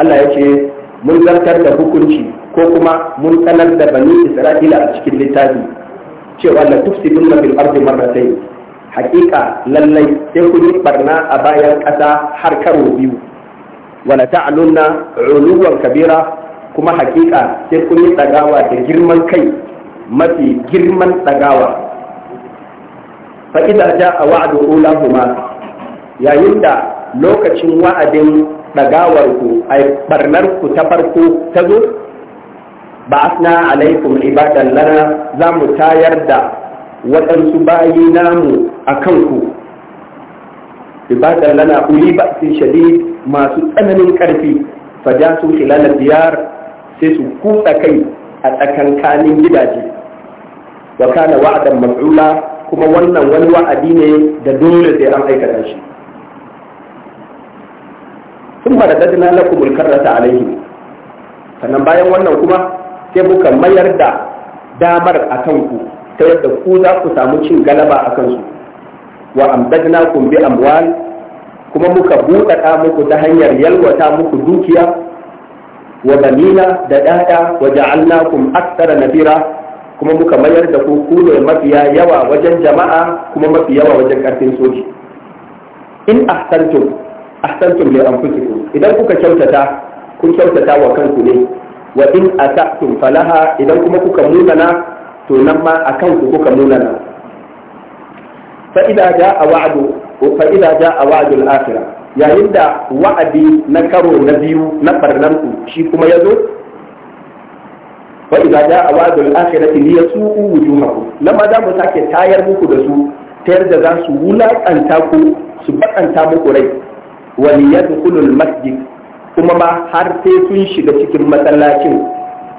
Allah ya ce mun zartar da hukunci ko kuma mun sanar da bani Isra'ila a cikin littafi cewa la tufsidun fil ardi marratayn haqiqa lallai sai kun yi barna a bayan ƙasa har karo biyu la ta'lunna uluwan kabira kuma haƙiƙa sai kun yi tsagawa da girman kai mafi girman tsagawa fa idza ja'a wa'du ulahuma yayin da lokacin wa'adin dagawar ku ai ta farko ta zo ba asna alaikum ibadan lana za mu tayar da waɗansu bayi namu a kanku ibadan lana uli ba'sin shadid masu tsananin ƙarfi fa su khilal diyar sai su kutsa kai a tsakankanin gidaje wa kana wa'dan mab'ula kuma wannan wani wa'adi ne da dole sai an aikata shi sun ba da dadina lakum alkarrata alaihim sannan bayan wannan kuma sai muka mayar da damar a kanku ta yadda ku za ku samu cin galaba a kansu wa amdadna kum bi amwal kuma muka buɗaɗa muku ta hanyar yalwata muku dukiya wa banina da ɗaya wa ja'alnakum aktsara nabira kuma muka mayar da ku ku ne mafiya yawa wajen jama'a kuma mafi yawa wajen ƙarfin soji in ahsantum ahsantum li anfusikum idan kuka kyautata kun kyautata wa kanku ne wa in asatum falaha idan kuma kuka munana to nan ma akan ku kuka munana fa idza jaa wa'du fa idza jaa wa'du al-akhirah yayin da wa'adi na karo na biyu na farnan ku shi kuma yazo wa idza jaa wa'du al-akhirati liyasu'u wujuhakum lamma da mu sake tayar muku da su tayar da za su wulaƙanta ku su baƙanta muku rai وليدخلوا masjid kuma ma har sai sun shiga cikin masallacin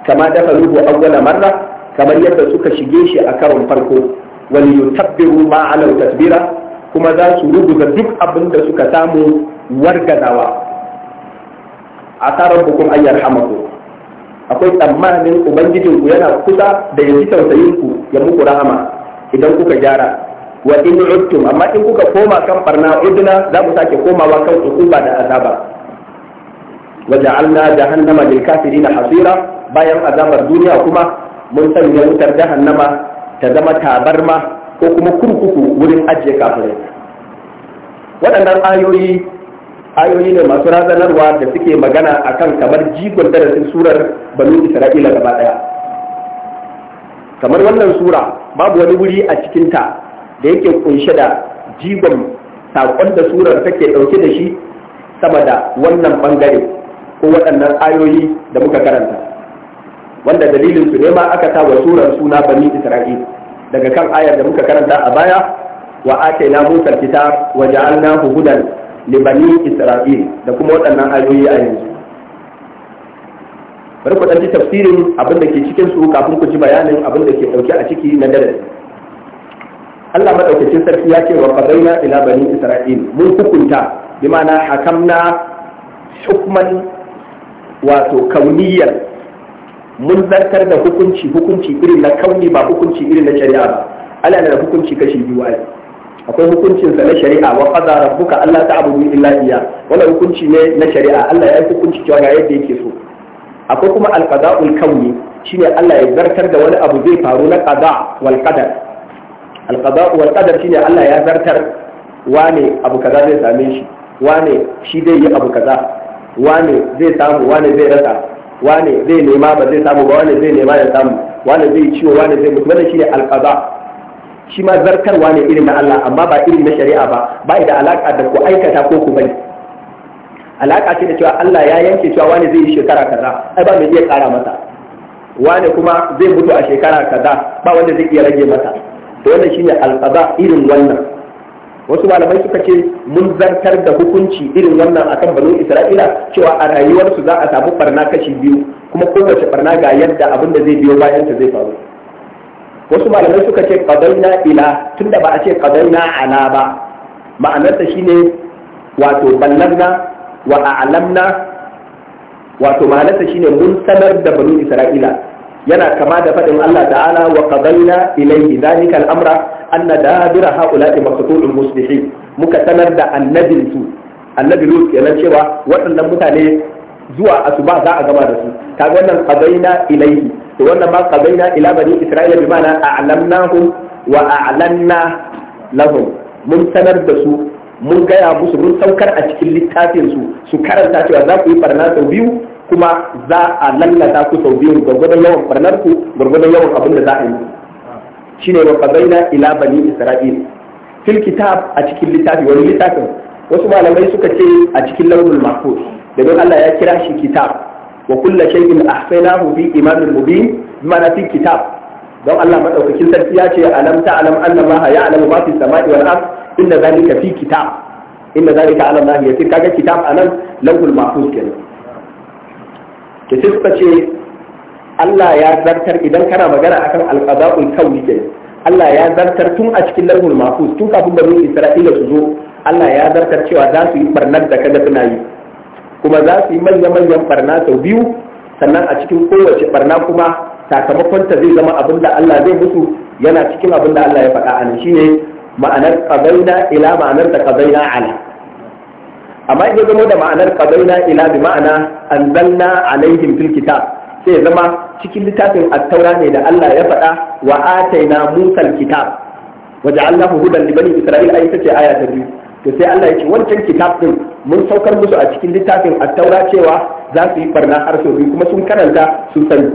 kama da faruhu awwala marra kamar yadda suka shige shi a karon farko wal yutabbiru ma alau tasbira kuma za su rubuta duk abin da suka samu wargazawa a tsarin bukun ayyar hamaku akwai tsammanin ubangijinku yana kusa da ya ji tausayinku ya muku rahama idan kuka gyara wa in uttum amma in kuka koma kan barna udna za mu sake komawa kan ukuba da azaba wa ja'alna jahannama lil kafirin hasira bayan azabar duniya kuma mun sanya wutar jahannama ta zama tabarma ko kuma kurkuku wurin ajiye kafirai waɗannan ayoyi ayoyi ne masu razanarwa da suke magana akan kamar jigon darasin surar banu isra'ila gaba ɗaya kamar wannan sura babu wani wuri a cikinta da yake kunshe da jigon saƙon da surar take ɗauke da shi sama da wannan ɓangare ko waɗannan ayoyi da muka karanta wanda dalilin su ne ma aka sa wa surar suna bani isra'il daga kan ayar da muka karanta a baya wa atayna musa kita wa ja'alna hudan li bani isra'il da kuma waɗannan ayoyi a yanzu bari ku ɗan ji tafsirin abin da ke cikin su kafin ku ji bayanin abin da ke ɗauke a ciki na darasi Allah madaukakin sarki ya ce wa qadaina ila bani isra'il mun hukunta bi ma'ana hakamna hukman wato kauniyar mun zartar da hukunci hukunci irin na kauni ba hukunci irin na shari'a ba Allah na da hukunci kashi biyu ai akwai hukuncin sa na shari'a wa qada rabbuka Allah ta'budu illa iyyah wannan hukunci ne na shari'a Allah ya yi hukunci cewa ga yadda yake so akwai kuma al alqada'ul kauni shine Allah ya zartar da wani abu zai faru na qada wal qadar alqada'u wal qadar shine Allah ya zartar wane abu kaza zai same shi wane shi zai yi abu kaza wane zai samu wane zai rasa wane zai nema ba zai samu ba wane zai nema ya samu wane zai ciwo wane zai mutu wannan shine alqada shi ma zartar wane irin na Allah amma ba irin na shari'a ba ba da alaka da ku aikata ko ku bari alaka ce da cewa Allah ya yanke cewa wane zai yi shekara kaza ai ba mai iya kara masa wane kuma zai mutu a shekara kaza ba wanda zai iya rage masa to wannan shine alqada irin wannan wasu malamai suka ce mun zartar da hukunci irin wannan akan banu isra'ila cewa a rayuwarsu za a samu barna kashi biyu kuma kowace barna ga yadda abin da zai biyo bayan ta zai faru wasu malamai suka ce qadaina ila tunda ba a ce qadaina ala ba ta shine wato ballarna wa a'lamna wato ta shine mun sanar da banu isra'ila yana kama da faɗin Allah ta'ala wa qadayna ilayhi dhalika al-amra anna dabira haula'i maqtulul muslihin muka sanar da annabin su annabi Lut kenan cewa waɗannan mutane zuwa asuba za a gama da su kaga wannan qadayna ilayhi to wannan ma qadayna ila bani isra'ila bi ma'ana wa a'lanna lahum mun sanar da su mun gaya musu mun saukar a cikin littafin su su karanta cewa za ku yi farna sau biyu kuma za a lallata ku sau biyu gwargwadon yawan barnar ku gwargwadon yawan abin da za a yi Shi ne wa qabaina ila bani isra'il fil kitab a cikin littafi wani littafin wasu malamai suka ce a cikin launin mahfuz don Allah ya kira shi kitab wa kullu shay'in ahsaynahu fi imamin mubin na fi kitab don Allah madaukakin sarki ya ce alam ta'lam anna Allah ya'lamu ma fi samai wal ard inna zalika fi kitab inna zalika ala Allah yasir kaga kitab anan lauhul mahfuz kenan ki sai ce Allah ya zartar idan kana magana akan alqada'ul kawni ke Allah ya zartar tun a cikin lahul mahfuz tun kafin bani Isra'ila su zo Allah ya zartar cewa za su yi barnar da kada suna yi kuma za su yi manya manyan barna sau biyu sannan a cikin kowace barna kuma sakamakon ta zai zama abin da Allah zai mutu yana cikin abin da Allah ya faɗa a nan shine ma'anar qadaina ila ma'anar da qadaina ala amma ya zama da ma'anar qadaina ila bi ma'ana anzalna alaihim fil kitab sai zama cikin littafin at-taura ne da Allah ya faɗa wa ataina musal kitab wa ja'alnahu hudan li bani isra'il ai tace aya ta biyu to sai Allah ya ce wancan kitab din mun saukar musu a cikin littafin at-taura cewa za su yi barna har kuma sun karanta sun sani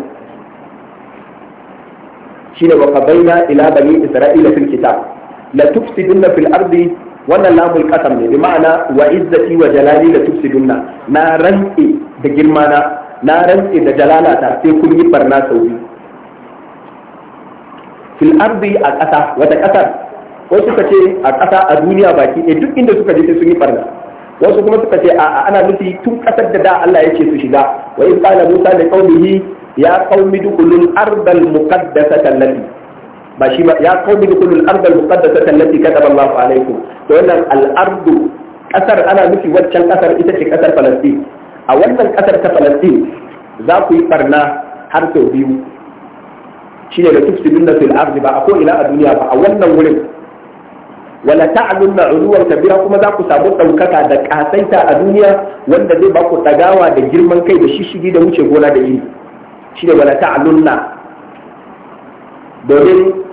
shine wa qadaina ila bani isra'ila fil kitab la tufsiduna fil ardi wannan lamul qasam ne bi ma'ana wa izzati wa jalali la tufsidunna na rantsi da girma na na rantsi da jalala ta sai kun yi barna sau biyu fil ardi a ƙasa wata ƙasar wasu suka ce a ƙasa a duniya baki ɗaya duk inda suka je sai sun yi barna wasu kuma suka ce a ana nufi tun ƙasar da da Allah ya ce su shiga wa in qala musa li qaumihi ya qaumi dukhulul ardal muqaddasata allati ba shi ba ya kawo daga kullu al-ard al-muqaddasa allati kataba Allahu alaikum to wannan al-ard kasar ana nufi waccan kasar ita ce kasar Palestine a wannan kasar ta Palestine za ku yi barna har sau biyu shi ne da tufsidun na fil ardi ba a ko ina a duniya ba a wannan wurin wala ta'lun na uluwar kabira kuma za ku samu ɗaukaka da ƙasaita a duniya wanda zai ba ku ɗagawa da girman kai da shishigi da wuce gona da iri shi ne wala ta'lun na domin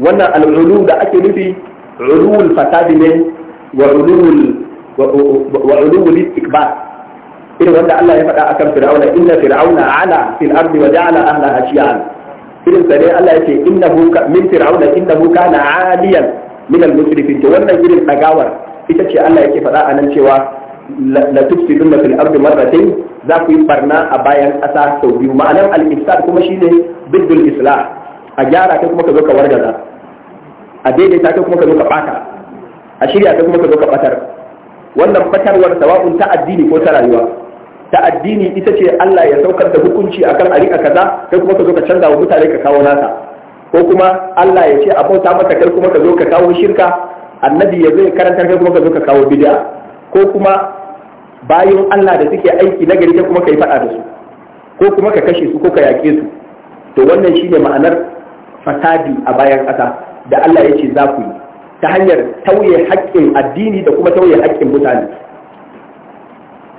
wannan al'ulu da ake nufi ulul fasadi ne wa ulul wa ulul istikbar irin wanda Allah ya faɗa akan fir'auna inna fir'auna ala fil ardi wa ja'ala ahlaha shi'an irin sa ne Allah yake innahu min fir'auna innahu kana 'aliyan min al-musrifin to wannan irin dagawar ita ce Allah yake faɗa anan cewa la tufsiduna fil ardi marratayn za ku yi barna a bayan ƙasa sau biyu ma'anar al-ifsad kuma shine bidul islah a gyara kai kuma ka zo ka wargaza a daidaita kai kuma ka zo ka bata a shirya kai kuma ka zo ka batar wannan batarwar sawa'un ta addini ko ta rayuwa ta addini ita ce Allah ya saukar da hukunci akan a kaza kai kuma ka zo ka canza wa mutane ka kawo nasa ko kuma Allah ya ce a bauta maka kai kuma ka zo ka kawo shirka annabi ya zo ya karantar kai kuma ka zo ka kawo bid'a ko kuma bayan Allah da suke aiki na gari kai kuma ka yi faɗa da su ko kuma ka kashe su ko ka yaƙe su to wannan shine ma'anar fasadi a bayan ƙasa da Allah ya ce za ku yi ta hanyar tauye haƙƙin addini da kuma tauye haƙƙin mutane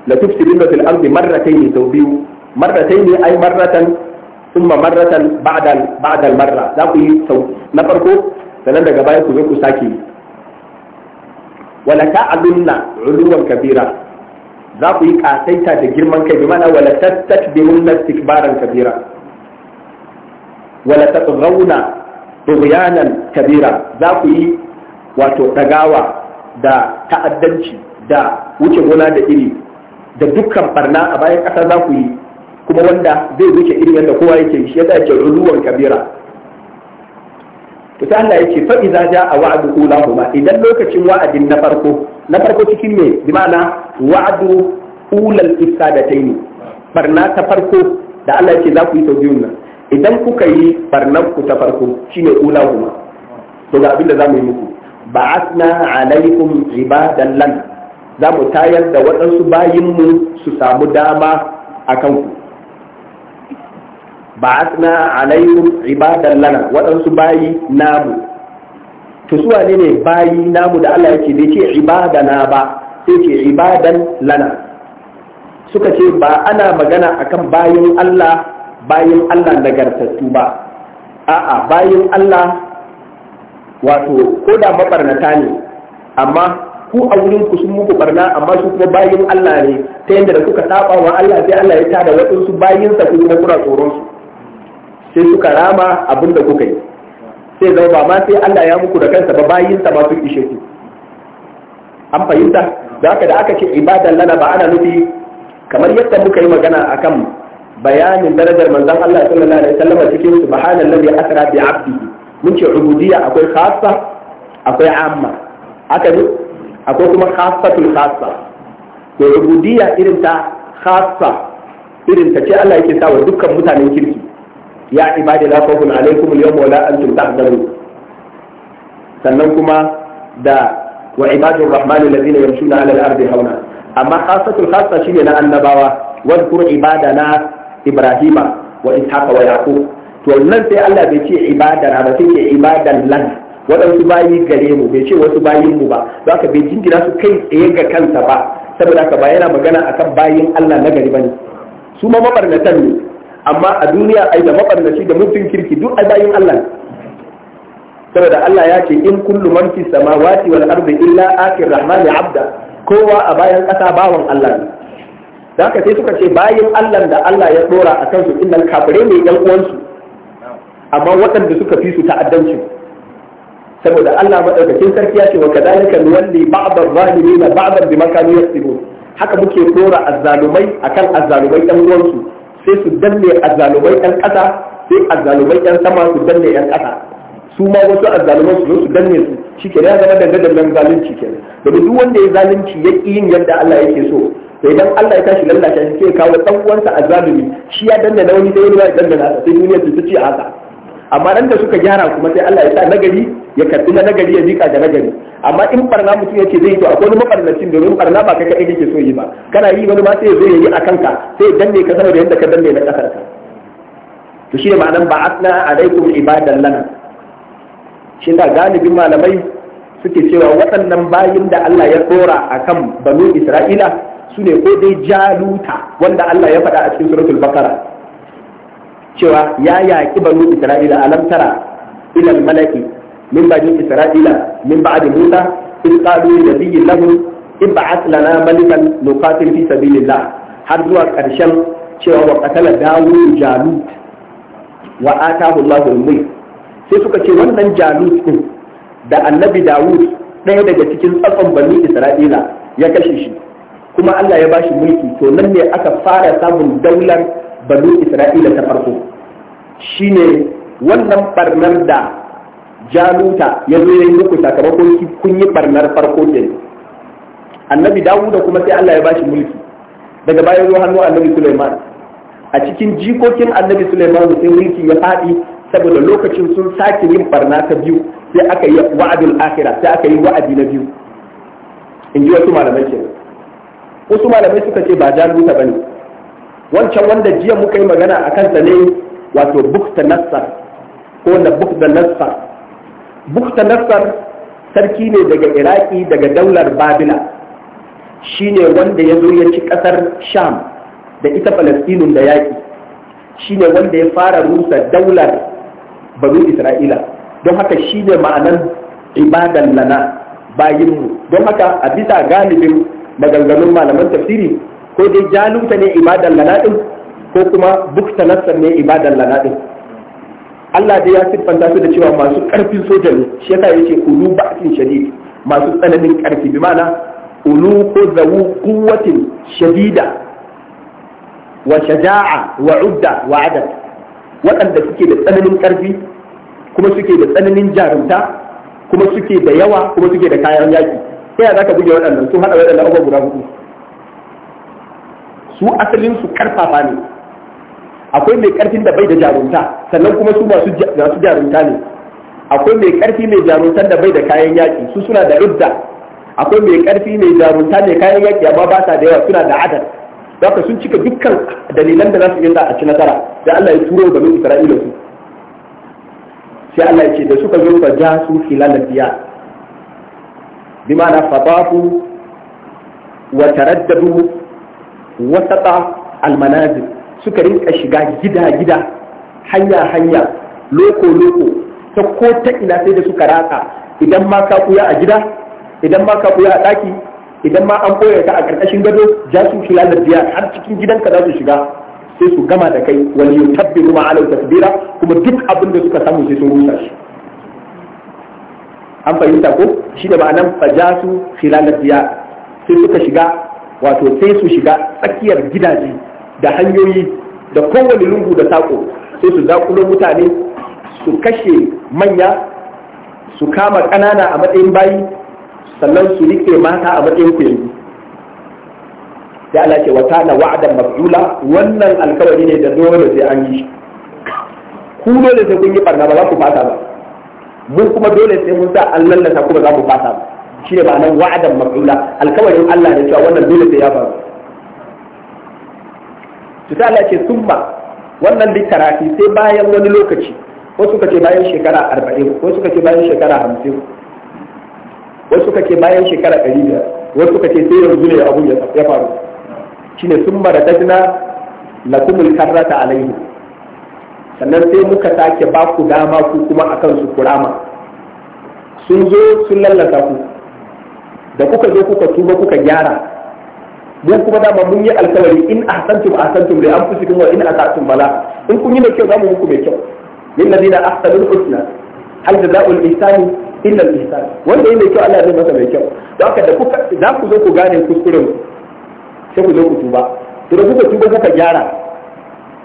la tufsiduna fil ardi ne sau biyu marratayn ay marratan thumma marratan ba'da ba'da marra za ku yi sau na farko sannan daga baya ku zo ku sake yi wala ta'alunna uluwan kabira za ku yi ƙasaita da girman kai bi ma'ana wala tattakbirunna istikbaran kabira wala ta rauna tughyanan kabira za ku yi wato ɗagawa da ta'addanci da wuce gona da iri da dukkan barna a bayan ƙasa za ku yi kuma wanda zai wuce iri yadda kowa yake shi yasa yake ruwan kabira to Allah yake fa idza jaa wa'du ulahuma idan lokacin wa'adin na farko na farko cikin me bi ma'ana wa'du ulal ifsadataini barna ta farko da Allah yake za ku yi sau biyun nan idan kuka yi barnan ku ta farko shine ula kuma to ga abin da zamu yi muku ba'athna alaikum ibadan lan za mu tayar da waɗansu mu su samu dama a kanku ba'athna alaikum ibadan lana waɗansu bayi namu to suwa ne ne bayi namu da Allah yake da ce ibadana ba sai ke ibadan lana suka ce ba ana magana akan bayin Allah bayin Allah nagartattu ba a'a bayin Allah wato ko da mabarnata ne amma ku a wurin ku sun muku barna amma su kuma bayin Allah ne ta yadda da kuka saba wa Allah sai Allah ya tada waɗansu bayin sa kuma kura tsoron su sai suka rama abin da kuka yi sai zama ba ma sai Allah ya muku da kansa ba bayin sa ba su ishe ku an fahimta da aka da aka ce ibadan lana ba ana nufi kamar yadda muka yi magana akan bayanin darajar manzon Allah sallallahu alaihi wasallam cikin subhanallazi asra bi 'abdihi mun ce ubudiyya akwai khassa akwai amma haka ne akwai kuma khassatul khassa to ubudiyya irin ta khassa irin ta ce Allah yake wa dukkan mutanen kirki ya ibadi la khawfun alaikum al-yawma wa la antum tahzanun sannan kuma da wa ibadur rahmani alladhina yamshuna ala al-ardi hauna amma khassatul khassa shine na annabawa wadkur ibadana ibrahima wa ishaqa wa yaqub to nan sai Allah bai ce ibadar ba sai ce ibadan lan waɗansu bayi gare mu bai ce wasu bayin mu ba za ka bai jingina su kai tsaye ga kansa ba saboda haka ba yana magana akan bayin Allah na gari bane su ma mabarnatan ne amma a duniya ai da mabarnaci da mutum kirki duk a bayin Allah saboda Allah ya ce in kullu man fi samawati wal ardi illa akir rahmani abda kowa a bayan ƙasa bawan Allah ne da haka sai suka ce bayan Allah da Allah ya dora a kansu inda kafirai ne yan uwansu amma waɗanda suka fi su ta'addanci saboda Allah maɗaukacin sarki ya ce wa ka kadhalika nuwalli ba'd adh-dhalimin ba'dan bi kanu yaksibun haka muke dora azzalumai akan azzalumai yan uwansu sai su danne azzalumai yan ƙasa sai azzalumai yan sama su danne yan ƙasa su ma wasu zalumai su su danne su ke ya zama da zalunci kenan domin duk wanda ya zalunci ya yin yadda Allah yake so sai dan Allah ya tashi lallata shi sai kawo dan uwansa azabi shi ya dandana wani sai wani ya dandana sai duniya ta ce haka amma nan da suka gyara kuma sai Allah ya sa nagari ya karbi na nagari ya jika da nagari amma in barna mutum yace zai to akwai wani mabarnacin domin barna ba kai kai kake so yi ba kana yi wani ma sai zai yi akan ka sai danne ka da yadda ka danne na kasar ka to shi ma'anan ba asna alaikum ibadan lana shi da galibin malamai suke cewa waɗannan bayin da Allah ya dora akan banu Isra'ila su ne ko dai jaluta wanda Allah ya faɗa a cikin suratul bakara cewa ya yaƙi banu isra'ila alam tara ila malaki min ba ni isra'ila min ba ba'd musa in qalu li in ba ib'ath lana malikan nuqatil fi sabilillah har zuwa ƙarshen cewa wa qatala dawud jalut wa atahu Allahu mulk sai suka ce wannan jalut din da annabi dawud ɗaya daga cikin tsakon bani isra'ila ya kashe shi kuma Allah ya bashi mulki to nan ne aka fara samun daular banu Isra'ila ta farko shine wannan barnar da Jaluta ya zo ya yi muku sakamakon kun yi barnar farko ne annabi Dawuda kuma sai Allah ya bashi mulki daga bayan zo hannu annabi Sulaiman a cikin jikokin annabi Sulaiman sai mulki ya faɗi saboda lokacin sun sake yin barna ta biyu sai aka yi wa'adul akhirah sai aka yi wa'adi na biyu in ji wasu malamai kenan wasu malamai suka ce ba ba ne. wancan wanda jiya muka yi magana a kansa ne wato bukta nassar ko wanda bukta nassar bukta nassar sarki ne daga iraki daga daular babila Shi ne wanda ya zo ya ci kasar sham da ita falastinun da yaƙi Shi ne wanda ya fara rusa daular baru isra'ila don haka shi ne ma'anan ibadan lana bayinmu don haka a bisa galibin maganganun malaman tafsiri ko dai jaluta ne ibadan lana ko kuma bukta nassar ne ibadan lana Allah dai ya siffanta su da cewa masu karfin soja ne shi yasa yace ulu ba'sin shadid masu tsananin karfi bi ma'ana ulu ko zawu quwwatin shadida wa shaja'a wa udda wa adad waɗanda suke da tsananin karfi kuma suke da tsananin jarumta kuma suke da yawa kuma suke da kayan yaki ta yaya zaka buge waɗannan sun haɗa waɗannan abubuwa guda hudu su asalin su karfafa ne akwai mai karfin da bai da jarunta sannan kuma su masu jarunta ne akwai mai karfi mai jaruntan da bai da kayan yaƙi su suna da rudda akwai mai karfi mai jarunta mai kayan yaƙi amma ba sa da yawa suna da adad zaka sun cika dukkan dalilan da za su yi a ci nasara da Allah ya turo ga min Isra'ila su sai Allah ya ce da suka zo fa jasu filalatiya بمعنى فطافوا وترددوا وسط المنازل suka rinka shiga gida-gida hanya-hanya loko-loko ta ko ta sai da suka ratsa idan ma ka kuya a gida idan ma ka kuya a ɗaki idan ma an koya ka a ƙarƙashin gado jasi su shiga biya har cikin gidanka za su shiga sai su gama da kai wani yau tabbiru ma'alau tasbira kuma duk abinda suka samu sai sun rusa shi an fahimta ko shi da ma'anan fajasu khilalat diya sai suka shiga wato sai su shiga tsakiyar gidaje da hanyoyi da kowane lungu da sako sai su zakulo mutane su kashe manya su kama ƙanana a matsayin bayi sannan su rike mata a matsayin kuyangi sai Allah ce wata na wa'adan wannan alkawari ne da dole sai an yi shi ku dole sai kun yi barna ba za ku fata ba Mun kuma dole sai mun sa an lallata kuma za mu fasa ba shi ne ba nan wa'adan maf'ula alkawarin Allah ne cewa wannan dole sai ya faru to sai Allah ce summa wannan littarafi sai bayan wani lokaci wasu suka ce bayan shekara arba'in wasu suka ce bayan shekara hamsin wasu suka ce bayan shekara ɗari biyar wasu suka ce sai yanzu ne abu ya faru shine summa da dajna lakumul karrata alaihi sannan sai muka sake ba ku dama ku kuma akan su kurama sun zo sun lallata ku da kuka zo kuka tuba kuka gyara mu kuma dama mun yi alkawari in a ahsantum ahsantum li anfusikum wa in asatum bala in kun yi mai kyau mu muku mai kyau lil ladina ahsanul husna hal jazaa'ul ihsani illa al ihsan wanda yi mai kyau Allah zai masa mai kyau don haka da kuka za ku zo ku gane kuskuren sai ku zo ku tuba to da kuka tuba kuka gyara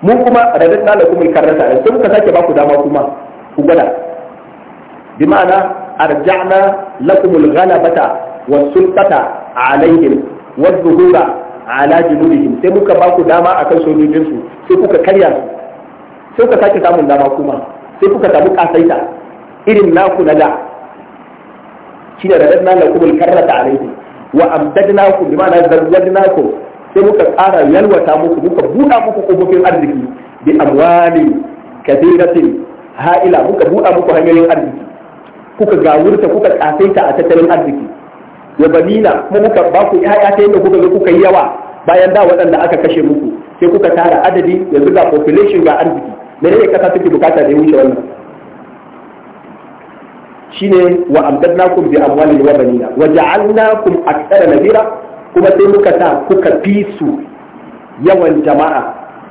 mun kuma da radar na kuma karrata da sun ka sake ba ku dama kuma ku gwada bi ma'ana arja'na lakum al-ghalabata was-sulqata alaihim wadh-dhuhura ala junubihim sai muka ba ku dama akan sojojinsu sai kuka karya su sai kuka sake samun dama kuma sai kuka samu kasaita irin naku na da shine radadna lakum kuma karrata alaihim wa amdadnakum bima na zarwadnakum sai muka ƙara yalwata muku muka buɗa muku kofofin arziki bi amwali kathiratin ha'ila muka buɗa muku hanyoyin arziki kuka gawurta kuka kasaita a tattalin arziki wa banina kuma muka ba ku ya'ya ta yadda kuka ga kuka yi yawa bayan da waɗanda aka kashe muku sai kuka tara adadi yanzu ga population ga arziki menene kasa take bukata da ya wuce wannan shine wa amdadnakum bi amwalin wa banina wa ja'alnakum aktsara nadira kuma sai muka sa kuka fi su yawan jama'a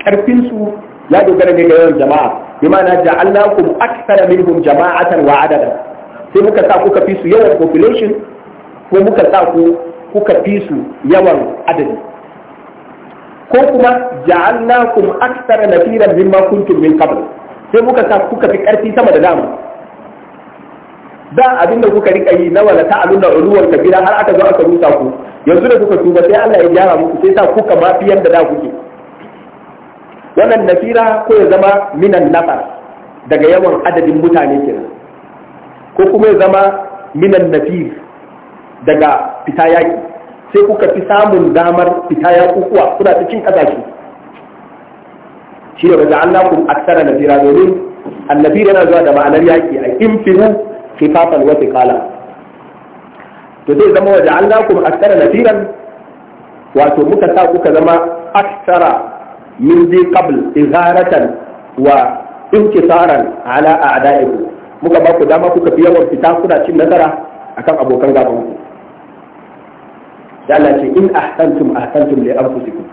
karfin su ya dogara ne ga yawan jama'a bi ma'ana ja'alnakum aktsara minhum jama'atan wa adada sai muka sa kuka fi su yawan population ko muka sa ku kuka fi su yawan adadi ko kuma ja'alnakum aktsara nafiran mimma kuntum min qabl sai muka sa kuka fi karfi sama da dama da abinda kuka rika yi na wala ta'aluna uluwan kabira har aka zo aka rusa ku yanzu da kuka tuba sai Allah ya gyara muku sai sa kuka ma fi yadda da kuke wannan nasira ko ya zama minan nafar daga yawan adadin mutane kenan ko kuma ya zama minan nafir daga fita yaki sai kuka fi samun damar fita yaku kuwa kuna ta cin kasashe shi da wajen Allah kun aksara nafira domin annabi yana zuwa da ma'anar yaki a imfiru kifafan wata kala to zai zama waje an lakum aksara nasiran wato muka sa kuka zama aksara min zai qabl izharatan wa inkisaran ala a'da'ikum muka ba ku dama kuka fi yawan fita kuna cin nasara akan abokan gaban ku da Allah ce in ahsantum ahsantum li anfusikum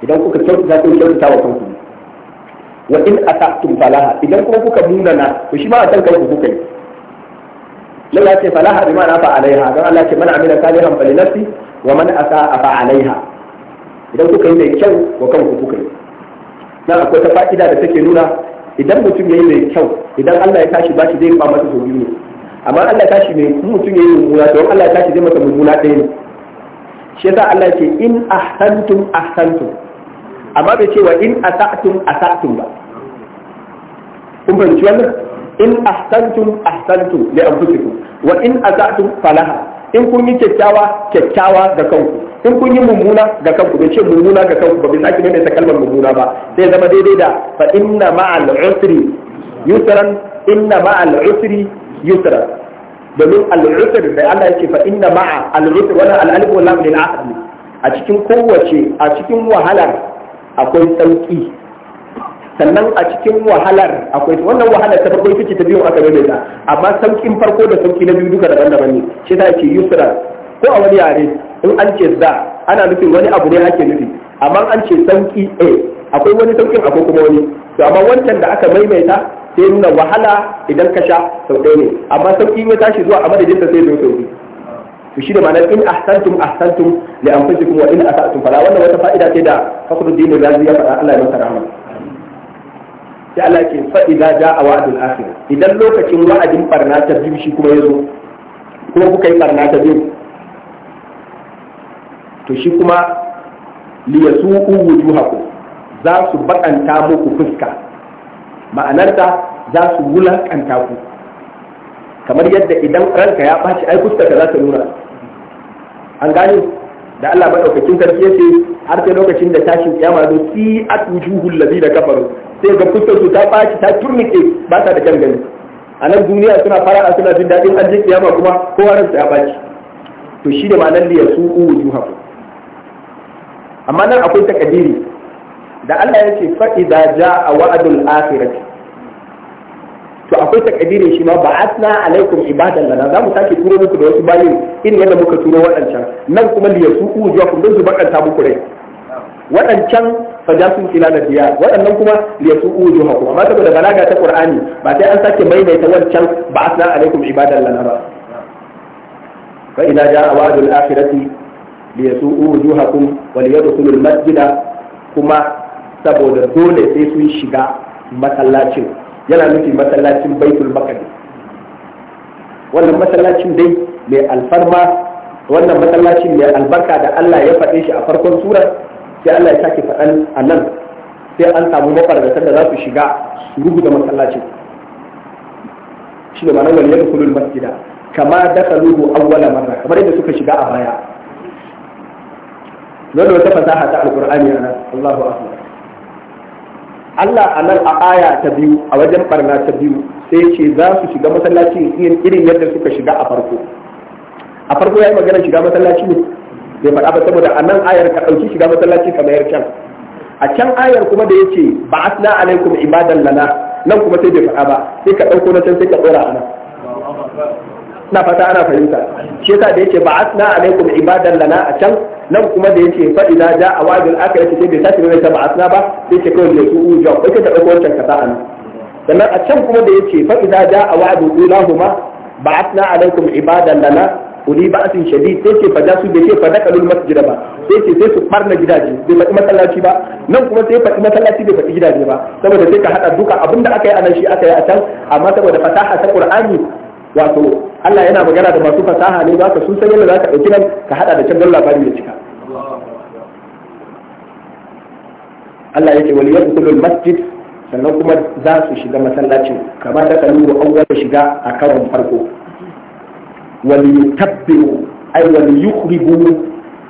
idan kuka kyautata kun kyautata wa kanku wa in asa'tum falaha idan kuma kuka munana to shi ma a kan kanku kuka yi Allah ce fa laha bima nafa alaiha don Allah ce man amila salihan fali nafsi wa man asa'a fa alaiha idan kuka yi mai kyau wa kanku kuka yi nan akwai ta fa'ida da take nuna idan mutum yayi mai kyau idan Allah ya tashi ba shi zai ba masa sau biyu ne amma Allah ya tashi mai mutum yayi mummuna don Allah ya tashi zai masa mummuna ɗaya ne shi yasa Allah ya ce in ahsantum ahsantum amma bai ce wa in asa'tum asa'tum ba kun fahimci wannan in ahsantum ahsantum li anfusikum wa in azatum falaha in kun yi kyakkyawa kyakkyawa ga kanku in kun yi mummuna ga kanku bai ce mummuna ga kanku ba bai saki mai ta kalmar mummuna ba sai zama daidai da fa inna ma'al usri yusran inna ma'al usri yusra domin al-usr da Allah yake fa inna ma'a al-usr wala al-alif wala lil a cikin kowace a cikin wahalar akwai sauki sannan a cikin wahalar akwai wannan wahalar ta farko ita ce ta biyu aka bai ta amma saukin farko da sauki na biyu duka daban-daban ne shi ta ce yusra ko a wani yare in an ce za ana nufin wani abu ne ake nufi amma an ce sauki a akwai wani saukin akwai kuma wani to amma wancan da aka maimaita sai nuna wahala idan ka sha sau ɗaya ne amma sauki ya tashi zuwa a madadin sa sai zo sau biyu to shi da ma'anar in ahsantum ahsantum li anfusikum wa in asa'tum fala wannan wata fa'ida ce da fakhruddin razi ya faɗa Allah ya masa rahama sai Allah ke faɗi za a wa'adin akhir idan lokacin wa'adin barna ta biyu shi kuma ya zo ko kuka yi barna ta biyu to shi kuma li yasu'u ku za su bakanta muku fuska ma'anarta za su wulakanta ku kamar yadda idan ranka ya ɓaci ai ka za ta nuna an gane da Allah madaukakin sarki sai har sai lokacin da tashin kiyama zo si at wujuhul ladina kafaru sai ga fuskar su ta ɓaci ta turnike ba ta da gangani a nan duniya suna a suna jin daɗin an jin kiyama kuma kowa ransa ya ɓaci to shi da ma nan liya su uwu haku amma nan akwai takadiri da Allah ya ce fa'iza ja'a wa'adul akhirati to akwai takadiri shi ma ba'athna alaikum ibadan lana za mu sake turo muku da wasu bayin in yadda muka turo waɗancan nan kuma su uwu juhakum don su bakanta muku rai waɗancan fajasun ila da biya waɗannan kuma su liyasu uju hakuma amma saboda balaga ta qur'ani ba sai an sake maimaita wancan ba asna alaikum ibadan lana ba fa idza jaa wa'dul akhirati liyasu wujuhakum wa liyadkhulul masjida kuma saboda dole sai sun shiga masallacin yana nufin masallacin baitul maqdis wannan masallacin dai mai alfarma wannan masallacin mai albarka da Allah ya faɗe shi a farkon surar sai Allah ya sake faɗan a nan sai an samu mafarkatar da za su shiga su da masallacin shi da ma'anar waliyar kulul masjida kama daka lugu awwala marra kamar yadda suka shiga a baya wanda wata fasaha ta a ana Allahu akbar Allah a nan a aya ta biyu a wajen barna ta biyu sai ce za su shiga masallaci irin yadda suka shiga a farko a farko ya yi magana shiga masallaci ne bai faɗa ba saboda a nan ayar ka ɗauki shiga masallaci ka mayar can a can ayar kuma da yace ba asna alaikum ibadan lana nan kuma sai bai faɗa ba sai ka ɗauko na can sai ka ɗora a nan na fata ana fahimta shi yasa da yace ba asna alaikum ibadan lana a can nan kuma da yace fa idza jaa wa'dul akhirati sai bai sace mai ta ba asna ba sai ke kawai da su ujo kai ka ɗauko wancan ka sa'a nan sannan a can kuma da yace fa idza jaa wa'dul ulahuma ba'athna alaikum ibadan lana uli asin shadid sai ce fa su bai ce fa dakalul masjid ba sai ce sai su barna gidaje bai faɗi masallaci ba nan kuma sai faɗi masallaci bai faɗi gidaje ba saboda sai ka hada duka abinda aka yi anan nan shi aka yi a can amma saboda fasaha ta qur'ani wato Allah yana magana da masu fasaha ne ba ka sun san yadda za ka ɗauki nan ka hada da can don labari ya cika Allah yake yadda yadkhulul masjid sannan kuma za su shiga masallacin kamar da kalu awwal shiga a karon farko وليكبروا أي وليخربوا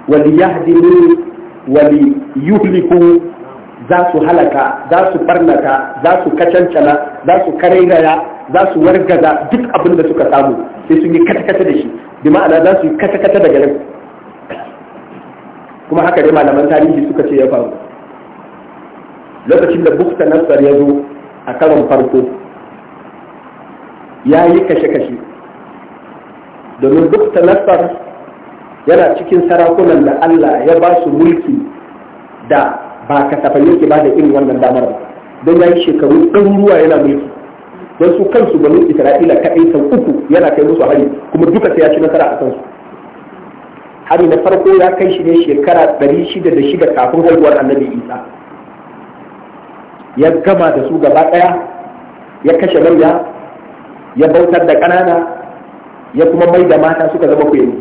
وليهدموا وليهلكوا za su halaka za su barnata za su kacancala za su karairaya za su wargaza duk abin da suka samu sai sun yi kata-kata da shi bi ma'ana za su yi kata-kata da garin kuma haka dai malaman tarihi suka ce ya faru lokacin da bukta nasar ya zo a karon farko ya yi kashe-kashe domin duk talafar yana cikin sarakunan da Allah ya ba su mulki da ba kasafai yake ba da irin wannan damar ba don ya yi shekaru ɗaruruwa yana mulki don su kansu mulki isra'ila kaɗai sau uku yana kai musu hari kuma duka sai ya ci nasara a kansu hari na farko ya kai shi ne shekara ɗari shida da shida kafin haihuwar annabi isa ya gama da su gaba ɗaya ya kashe manya ya bautar da ƙanana ya kuma mai da mata suka zama kuyangi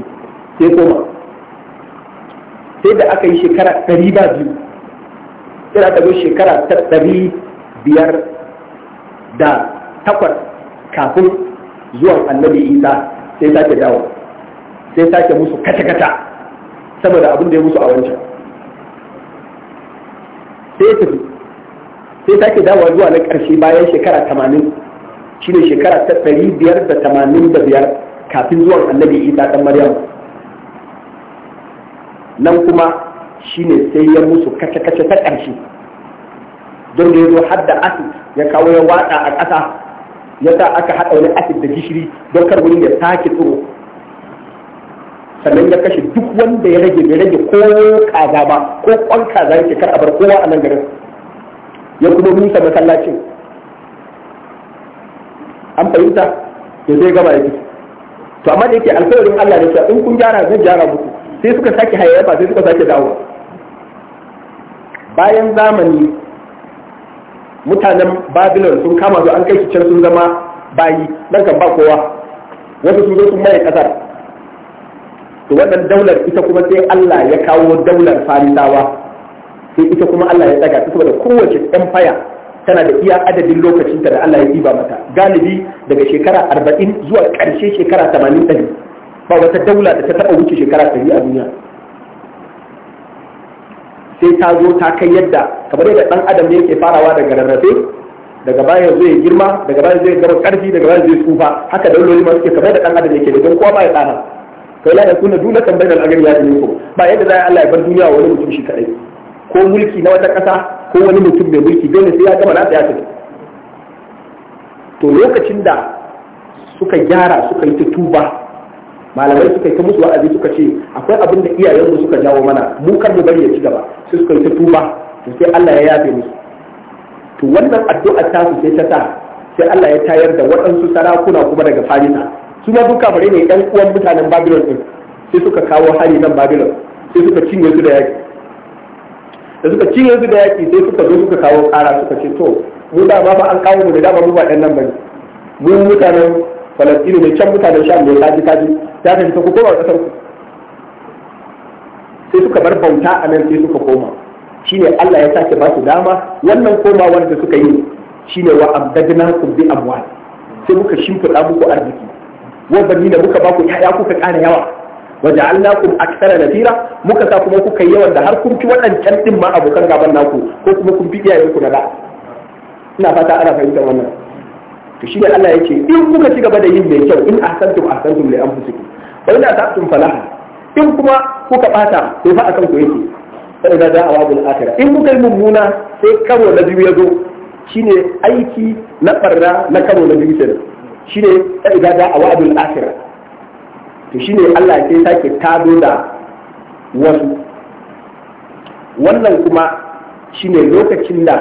sai koma sai da aka yi shekara ɗari ba biyu sai aka zo shekara ta ɗari biyar da takwas kafin zuwan annabi isa sai sake dawo sai sake musu kata-kata saboda abin da ya musu a wancan sai tafi sai sake dawo zuwa na ƙarshe bayan shekara tamanin shine shekara ta ɗari biyar da tamanin da biyar kafin zuwan annabi isa dan maryam nan kuma shine sai ya musu kace kace ta ƙarshe don da ya zo har da asid ya kawo ya watsa a ƙasa ya sa aka haɗa wani asid da gishiri don kar wurin ya sake tsoro sannan ya kashe duk wanda ya rage bai rage ko kaza ba ko kwan kaza yake kar a bar kowa a nan garin ya kuma musa masallacin an fahimta da zai gama ya fito to amma da yake alƙawarin Allah ne cewa in kun gyara zan gyara muku sai suka sake hayayyafa sai suka sake dawo bayan zamani mutanen Babilon sun kama su an kai su can sun zama bayi nan kan ba kowa wasu sun zo sun maye kasar to wannan daular ita kuma sai Allah ya kawo daular farisawa sai ita kuma Allah ya daga saboda kowace empire tana da iya adadin lokacinta da Allah ya ɗiba mata galibi daga shekara arba'in zuwa ƙarshe shekara tamanin ɗari ba wata daula da ta taɓa wuce shekara ɗari a duniya sai ta zo ta kai yadda kamar yadda ɗan adam ne yake farawa daga rarrafe daga baya zai girma daga baya zai gaba ƙarfi daga baya zai tsufa haka dauloli ma suke kamar da ɗan adam yake da kowa ba ya tsara kai la yakuna duna kan bainal agriya minkum ba yadda za Allah ya bar duniya wani mutum shi kadai ko mulki na wata ƙasa ko wani mutum mai mulki dole sai ya gama na tsaya tafi to lokacin da suka gyara suka yi ta tuba malamai suka yi ta musu wa'azi suka ce akwai abin da iyayenmu suka jawo mana mu kan mu bari ya ci gaba sai suka yi ta tuba to sai Allah ya yafe musu to wannan addu'a ta su sai ta sa sai Allah ya tayar da waɗansu sarakuna kuma daga Farisa su ma duka bare ne ɗan uwan mutanen Babilon din sai suka kawo hari nan Babilon, sai suka cinye su da yaki da suka ci yanzu da yaƙi sai suka zo suka kawo ƙara suka ce to mu da ba an kawo mu da dama mu ba ɗan nan bane mu mutanen falastini ne can mutanen sha ne kaji kaji ya ka fita ku koma ƙasar ku sai suka bar bauta a nan sai suka koma shine Allah ya sake ba su dama wannan koma da suka yi shine wa amdadnakum bi amwal sai muka shimfiɗa muku arziki wa da muka ba ku ƴaƴa kuka ƙara yawa waja'alnakum aktsara nasira, muka sa kuma kuka yi yawan da har kun ci waɗancan ɗin ma abokan gaban naku ko kuma kun bi iyayenku na da ina fata ana fahimtar wannan to shi ne Allah ya ce in kuka ci gaba da yin mai kyau in ahsantum ahsantum li anfusikum wa in asabtum falaha in kuma kuka bata to fa akan ku yake sai da da awabul akhirah in kuka yi mummuna sai karo na biyu ya zo shine aiki na barra na karo na biyu sai shine sai da da awabul akhirah to shine Allah ya sake tado da wasu wannan kuma shine lokacin da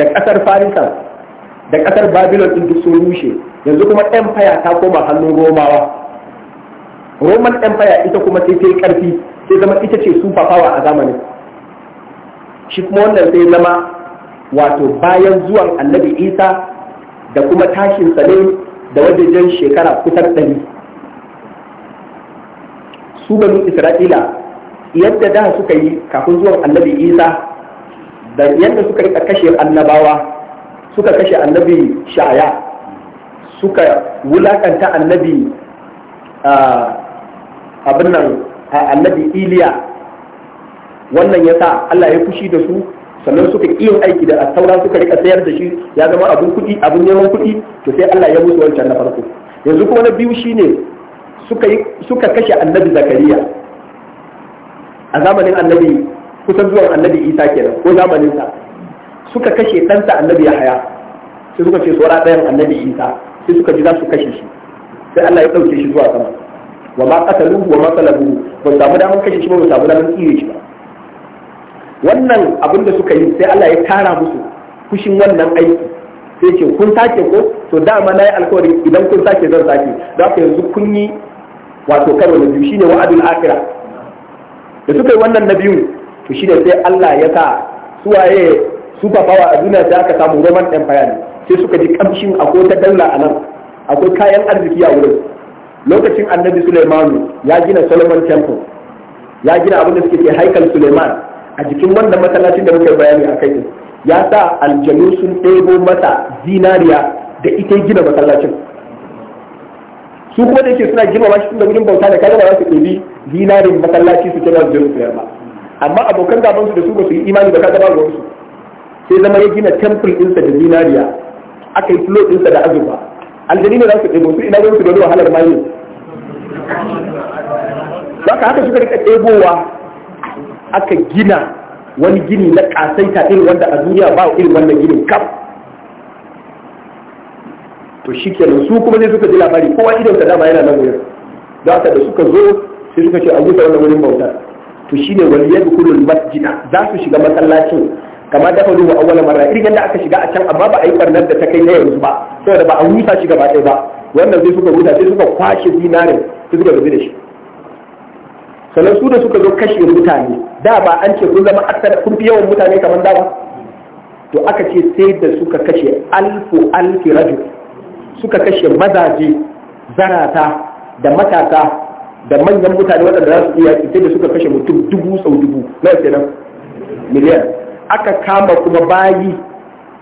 da ƙasar farisa da ƙasar babylon ɗin duk sun rushe yanzu kuma empire ta koma hannun romawa roman empire ita kuma sai ta yi ƙarfi sai zama ita ce super power a zamanin shi kuma wannan sai zama wato bayan zuwan annabi isa da kuma tashin sa ne da wajejen shekara kusan ɗari su banu isra'ila yadda da suka yi kafin zuwan annabi isa da yadda suka rika kashe annabawa suka kashe annabi shaya suka wulakanta annabi abin nan annabi iliya wannan ya sa allah ya fushi da su sannan suka yi yin aiki da attaura suka rika sayar da shi ya zama abin kuɗi abin neman kuɗi to sai Allah ya musu wancan na farko yanzu kuma na biyu shine suka kashe annabi zakariya a zamanin annabi kusan zuwan annabi isa kenan ko zamaninsa suka kashe ɗansa annabi yahaya sai suka ce tsora ɗayan annabi isa sai suka ji za su kashe shi sai allah ya ɗauke shi zuwa sama wa ma qataluhu wa ma salabuhu ba samu damar kashe shi ba ba samu damar tsire shi ba wannan abin da suka yi sai allah ya tara musu kushin wannan aiki sai ce kun sake ko to dama na yi alkawari idan kun sake zan sake za ku yanzu kun yi wato karo na biyu ne wa'adul akira da suka yi wannan na biyu to ne sai Allah ya sa waye super power a duniya sai aka samu Roman Empire ne sai suka ji kamshin akwai ta dalla a nan akwai kayan arziki a wurin lokacin annabi Suleimanu ya gina Solomon Temple ya gina abin da suke ke haikal Suleiman a jikin wannan masallacin da muke bayani a kai ya sa aljanu sun ɗebo masa zinariya da ita gina masallacin su kuma da yake suna girma shi da gudun bauta da kaga ba za su masallaci su kira su su ba amma abokan gaban su da su ba su yi imani ba kaga ba ruwan su sai zama ya gina tempul ɗinsa da zinariya aka yi flow ɗinsa da azurfa aljani ne za su ɗebo su ina ruwan su da wahalar mayu ka haka suka rika ɗabowa aka gina wani gini na ƙasaita irin wanda a duniya ba irin wannan ginin kaf to shikenan su kuma ne suka ji labari kowa idan ta dama yana nan wurin da aka da suka zo sai suka ce a rusa wannan wurin bautar to shine yadda kullum masjida za su shiga masallacin kamar da faru a awwala marra irin yadda aka shiga a can amma ba a yi barnar da ta kai na yanzu ba saboda ba a rusa shi gaba ɗaya ba wannan sai suka rusa sai suka kwashe zinare sai suka rubi da shi sannan su da suka zo kashe mutane da ba an ce kun zama aksar kun fi yawan mutane kamar da ba to aka ce sai da suka kashe alfu alfi rajul suka kashe mazaje zarata da matasa da manyan mutane waɗanda za su iya sai da suka kashe mutum dubu sau dubu na kenan miliyan aka kama kuma bayi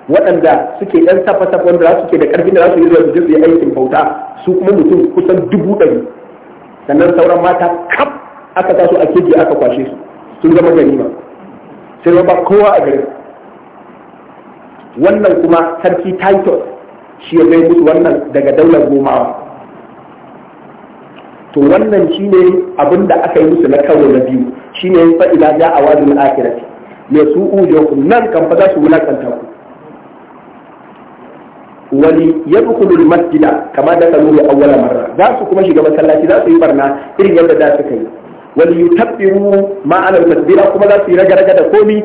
waɗanda suke ɗan safa-safa wanda za su ke da ƙarfin da za su yi zuwa su aikin bauta su kuma mutum kusan dubu ɗari sannan sauran mata kaf aka sa su a keji aka kwashe su sun zama ganima sai ba kowa a gari wannan kuma sarki titus shi ya kai musu wannan daga daular goma to wannan ne abin da aka yi musu na kawo na biyu shi shine fa ila ja wajen akhirati ya su ku nan kan fa za su wulakanta ku ya yadkhulu al-masjida kama da kalu ya awwala marra za su kuma shiga masallaci za su yi barna irin yadda da suka yi wani yi tabbiru ma'anar al kuma za su yi raga da komi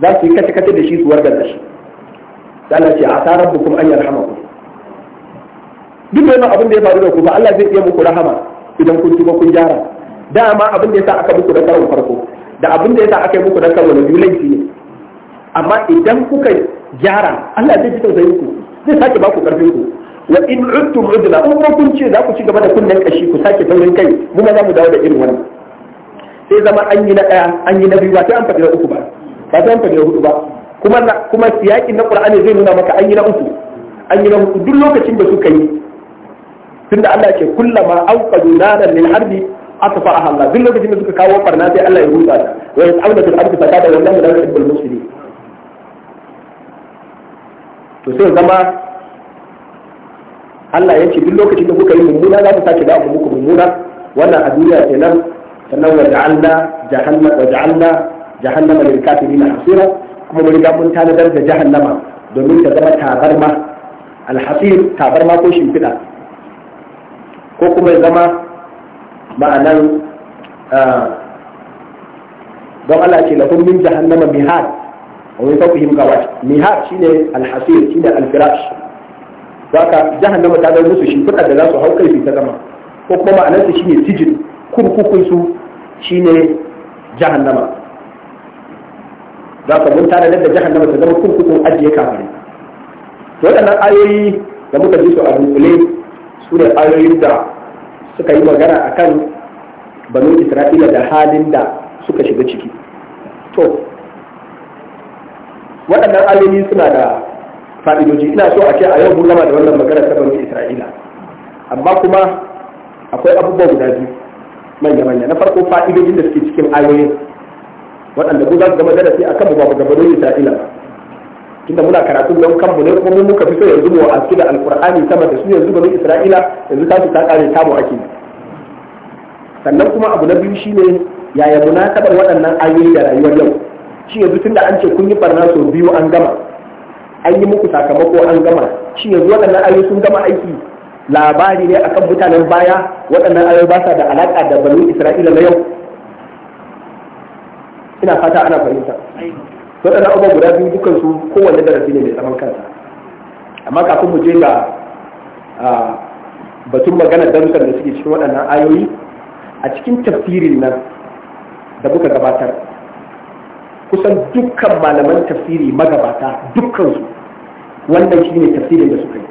za su yi kace kace da shi su wargar da shi Allah ce a tarar bukum an duk wannan abin da ya faru da ku ba Allah zai iya muku rahama idan kun tuba kun gyara dama abin da yasa aka muku da karon farko da abin da yasa aka yi muku da karon na biyu laifi ne amma idan kuka gyara Allah zai ji tausayin ku zai sake ba ku karfin ku wa in udtum udna in kuma kun ce za ku ci gaba da kunnen kashi ku sake taurin kai mu ma za mu dawo da irin wannan sai zama an yi na daya an yi na biyu ba sai an faɗi na uku ba ba sai an faɗi na hudu ba kuma kuma siyakin na Qur'ani zai nuna maka an yi na uku an yi na hudu duk lokacin da suka yi tunda Allah ke kulla ma kullama auqadu naran harbi aka asfa'aha Allah duk lokacin da suka kawo farna sai Allah ya rusa ta wa yas'aluna fil ardi fasada wallahu la yuhibbul mufsidin to sai zama Allah ya ce duk lokacin da kuka yi mummuna za ku sake da muku mummuna wannan a duniya kenan sannan wa ja'alna jahannama wa ja'alna jahannama lil kafirin hasira kuma mun riga mun tanadar da jahannama domin ta zama tabarma al-hasir tabarma ko shimfiɗa ko kuma ya zama ma'anan don Allah ce lahum min jahannama mihad wa min fawqihim gawash mihad shine alhasir ne alfirash haka jahannama ta zama musu shimfiɗa da za su hau kai ta zama ko kuma ma'anar shi ne sijin kurkukun su ne jahannama za ka mun tare da jahannama ta zama kurkukun ajiye kafare to waɗannan ayoyi da muka ji su a dunkule su ne ayoyin da suka yi magana a kan banu isra'ila da halin da suka shiga ciki to waɗannan ayoyi suna da fa'idoji ina so a ce a yau mun gama da wannan magana ta banu isra'ila amma kuma akwai abubuwa guda biyu manya-manya na farko fa'idojin da suke cikin ayoyin waɗanda ku za su gama darasi a kan ba ga isra'ila ba tunda muna karatu don kanmu ne kuma mun muka fi so yanzu mu aski da alqur'ani sama da su yanzu bani isra'ila yanzu ta su ta kare tamu ake sannan kuma abu na biyu shine yaya munasabar waɗannan ayoyi da rayuwar yau shi yanzu tunda an ce kun yi barna sau biyu an gama an yi muku sakamako an gama shi yanzu waɗannan ayoyi sun gama aiki labari ne akan mutanen baya waɗannan ayoyi ba sa da alaƙa da Bani isra'ila na yau ina fata ana fahimta waɗannan abubuwa guda biyu dukkan su kowanne darasi ne mai tsaron kansa amma kafin mu je ga batun maganar darussan da suke cikin waɗannan ayoyi a cikin tafsirin nan da muka gabatar kusan dukkan malaman tafsiri magabata dukkansu wannan shi ne tafsirin da suka yi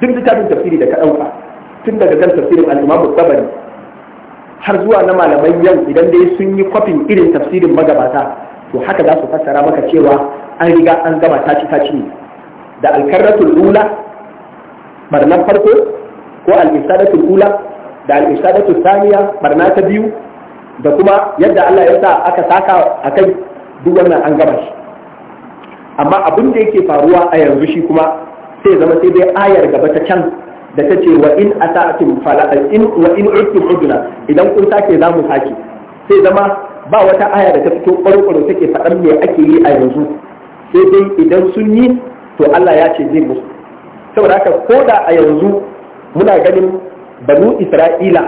duk littafin tafsiri da ka ɗauka tun daga kan tafsirin al'imamu tsabari har zuwa na malaman yau idan dai sun yi kwafin irin tafsirin magabata to haka za su fassara maka cewa an riga an gama taci taci ne da alkarratul ula barnan farko ko al-isadatul ula da al-isadatul thaniya barna ta biyu da kuma yadda Allah ya sa aka saka akan duk wannan an gama shi amma abin da yake faruwa a yanzu shi kuma sai zama sai dai ayar gaba ta can da ta ce wa in ata'tum fala in wa in udna idan kun sake za mu sake sai zama ba wata aya da ta fito ƙwarƙwaro take faɗan me ake yi a yanzu sai dai idan sun yi to Allah ya ce zai musu saboda haka ko da a yanzu muna ganin banu Isra'ila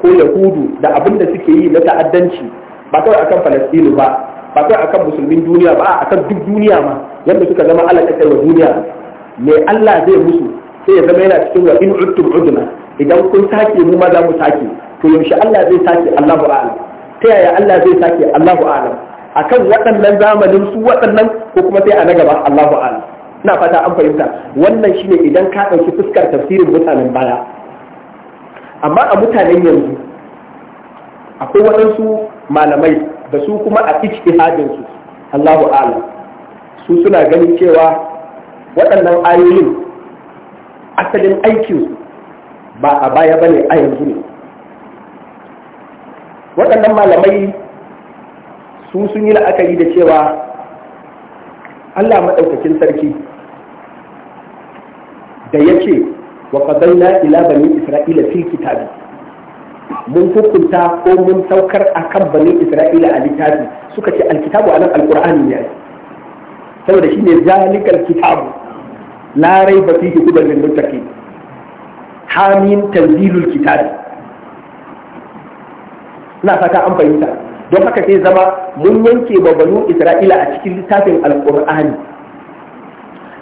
ko Yahudu da abin da suke yi na ta'addanci ba kawai akan Falastinu ba ba kawai akan musulmin duniya ba akan duk duniya ma yadda suka zama Allah ta wa duniya me Allah zai musu sai ya zama yana cikin wa in udtum udna idan kun sake mu ma za mu sake to yaushe Allah zai sake Allahu a'lam ta yaya Allah zai sake Allahu a'lam akan waɗannan zamanin su waɗannan ko kuma sai a na gaba Allahu a'lam ina fata an fahimta wannan shine idan ka ɗauki fuskar tafsirin mutanen baya amma a mutanen yanzu akwai waɗansu malamai da su kuma a ijtihadin su Allahu a'lam su suna ganin cewa waɗannan ayoyin asalin aikin ba a baya bane a yanzu ne waɗannan malamai su sun yi la'akari da cewa Allah maɗaukakin sarki da ya ce wa qadayna ila bani isra'ila fil kitabi mun hukunta ko mun saukar a kan bani isra'ila a littafi suka ce alkitabu nan alqur'ani ne saboda shine zalikal kitabu la raiba fihi hudan lil muttaqin hamim tanzilul kitabi Ina fata an fahimta don haka sai zama mun yanke wa isra'ila a cikin littafin alqur'ani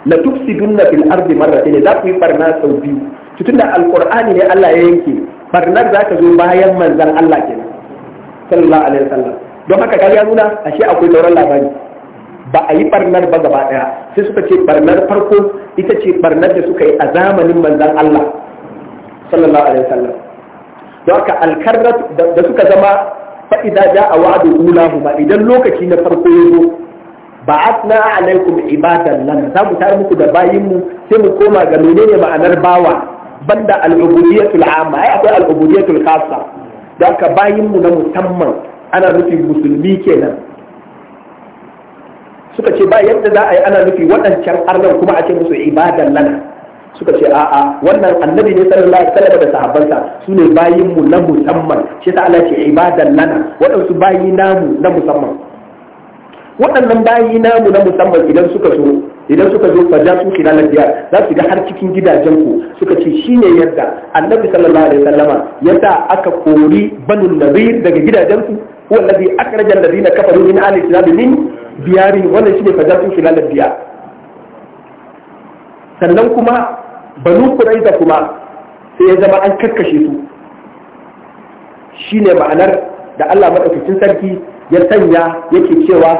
la tufsidunna fil ardi marratayn za ku yi barna sau biyu da alqur'ani ne Allah ya yanke barnar za ta zo bayan manzan Allah kenan sallallahu alaihi wasallam don haka kaga nuna ashe akwai sauran labari ba a yi barnar ba gaba daya sai suka ce barnar farko ita ce barnar da suka yi a zamanin manzan Allah sallallahu alaihi wasallam haka alkarrat da suka zama fa'ida ja a wa'adu ulahuma idan lokaci na farko ya zo na alaikum ibadan lana za mu tar muku da bayin sai mu koma ga ne ma'anar bawa banda al'ubudiyatul amma ai akwai al'ubudiyatul khassa don ka bayin na musamman ana nufin musulmi kenan suka ce ba yadda za a yi ana nufi waɗancan arnan kuma a ce musu ibadan lana suka ce a'a wannan annabi ne sallallahu alaihi wasallam da sahabbansa su ne bayin mu na musamman shi ta Allah ce ibadan lana waɗansu bayi namu na musamman waɗannan bayi namu na musamman idan suka zo idan suka zo fa su khilal biyar za su ga har cikin gidajen ku suka ce shine yadda annabi sallallahu alaihi wasallama yadda aka kori banu nadir daga gidajen ku huwa allazi akhraja alladhina kafaru min ahli kitab min diyari wannan shine fa su khilal biyar sannan kuma banu da kuma sai ya zama an karkashe su shine ma'anar da Allah madaukakin sarki ya sanya yake cewa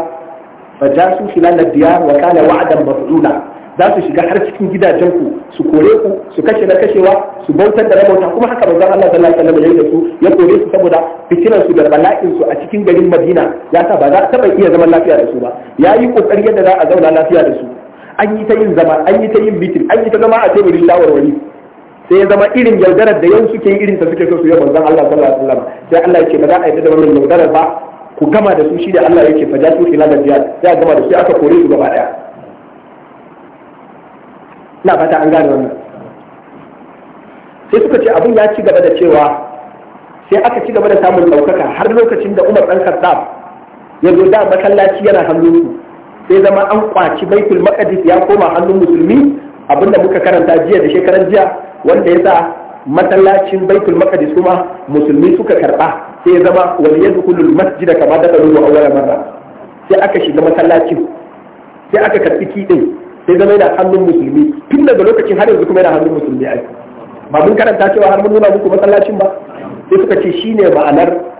fajasu khilal ad-diyar wa kana wa'adan maf'ula za su shiga har cikin gidajen ku su kore ku su kashe na kashewa su bautar da bauta kuma haka manzon Allah sallallahu alaihi wasallam ya su ya kore su saboda fitinan su da bala'in su a cikin garin Madina ya sa ba za a taba iya zaman lafiya da su ba yayi kokari yadda za a zauna lafiya da su an yi ta yin zama an yi ta yin bitin an yi ta zama a teburin shawarwari sai ya zama irin yaudarar da yau suke irin ta suke so su yi zan Allah sallallahu alaihi wasallam sai Allah yake ba za a yi da wannan yaudarar ba ku gama da su shi da Allah yake fa jatu da jihad sai a gama da su aka kore su gaba daya Na fata an gane wannan sai suka ce abin ya ci gaba da cewa sai aka ci gaba da samun ɗaukaka har lokacin da Umar dan Khattab ya zo da masallaci yana hannun su sai zama an kwaci baitul maqdis ya koma hannun musulmi abinda muka karanta jiya da shekaran jiya wanda ya sa masallacin baitul maqdis kuma musulmi suka karba sai ya zama wal yadkhulul masjida kama dakhaluhu awwala marra sai aka shiga masallacin sai aka karbi kidin sai zama yana hannun musulmi tun daga lokacin har yanzu kuma yana hannun musulmi ai ba mun karanta cewa har mun nuna muku masallacin ba sai suka ce shine ma'anar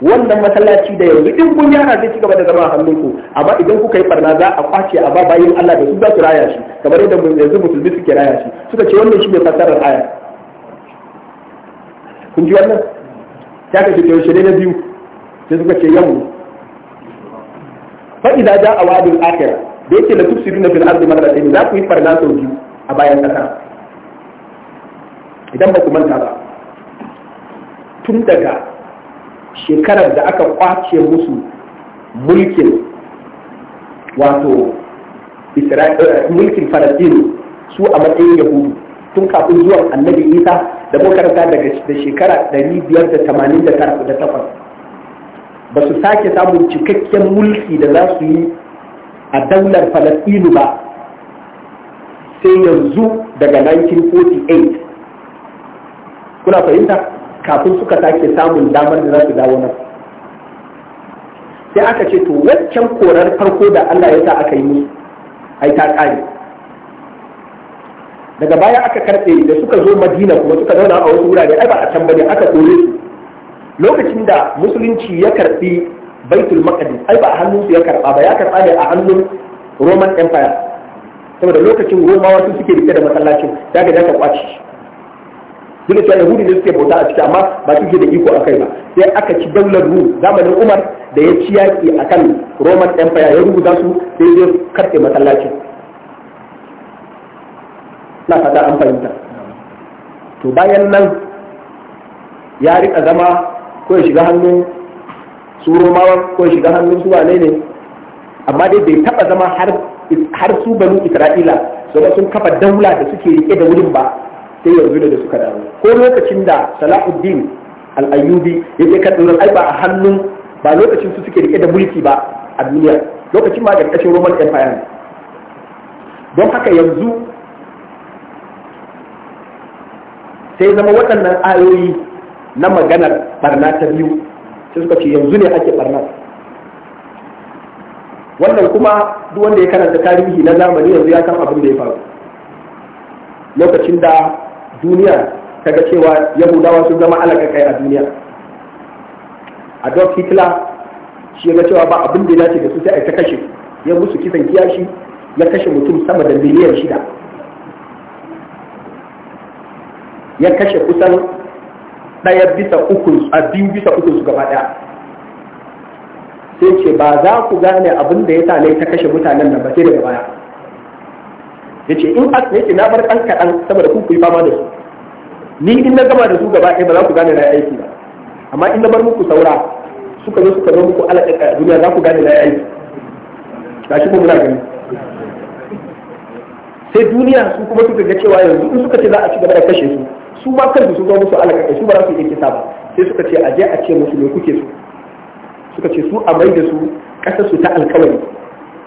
wannan masallaci da yanzu in kun yara zai ci gaba da zama a hannunku amma idan kuka yi barna za a kwace a ba bayin Allah da su za su raya shi kamar yadda yanzu musulmi suke raya shi suka ce wannan shi ne fassarar aya kun ji wannan ta kace ke shi ne na biyu sai suka ce yau fa idza a wa'dul akhirah da yake la tufsiduna fil ardi marratayn za ku yi barna sau biyu a bayan kasa idan ba ku manta ba tun daga shekarar da aka kwace musu mulkin wato eh, mulkin su a matsayin yahudu tun kafin zuwan annabi isa da makaranta daga da shekara 588 ba su sake samun cikakken mulki da za su yi a daular falastinu ba sai yanzu daga 1948 kuna fahimta kafin suka sake samun damar da za su dawo nan sai aka ce to waccan korar farko da Allah ya sa aka yi musu ai ta kare daga baya aka karɓe da suka zo madina kuma suka zauna a wasu wurare ai ba a can bane aka kore su lokacin da musulunci ya karɓi baitul maqdis ai ba a hannunsu ya karɓa ba ya karɓa ne a hannun roman empire saboda lokacin romawa su suke rike da masallacin daga da ka kwace duk da yahudi ne suke bauta a ciki amma ba su da iko a kai ba sai aka ci daular ru zamanin umar da ya ci a akan roman empire ya rubuta su sai zai karɓe masallacin na fata an fahimta to bayan nan ya rika zama ko ya shiga hannun su romawa ko ya shiga hannun su wane ne amma dai bai taba zama har su banu isra'ila su sun kafa daula da suke rike da wurin ba sai yanzu da suka dawo ko lokacin da salahuddin al'ayyubi ya je kan ɗorar ai ba a hannun ba lokacin su suke rike da mulki ba a duniya lokacin ma ƙarƙashin roman empire don haka yanzu sai zama waɗannan ayoyi na maganar barna ta biyu sai suka ce yanzu ne ake barna wannan kuma duk wanda ya karanta tarihi na zamani yanzu ya san abin da ya faru lokacin da duniya kaga cewa yahudawa sun zama alaƙaƙai a duniya adolf hitler shi ya cewa ba abin da ya dace da su sai a ta kashe ya musu kisan kiyashi ya kashe mutum sama da miliyan shida ya kashe kusan ɗaya bisa uku a biyu bisa uku su gaba ɗaya sai ce ba za ku gane abin da ya sa ta kashe mutanen nan ba sai daga baya yace in aka yake na bar ɗan kaɗan saboda ku kuyi fama da su ni in na gama da su gaba ɗaya ba za ku gane na aiki ba amma in na bar muku saura suka zo suka zo muku alaƙa a duniya za ku gane na aiki ga shi ko muna gani sai duniya su kuma suka ga cewa yanzu in suka ce za a ci gaba da kashe su su ma kansu su zo musu alaƙa su ba za su iya kisa ba sai suka ce a je a ce musu me kuke su suka ce su a mai da su ƙasar su ta alƙawari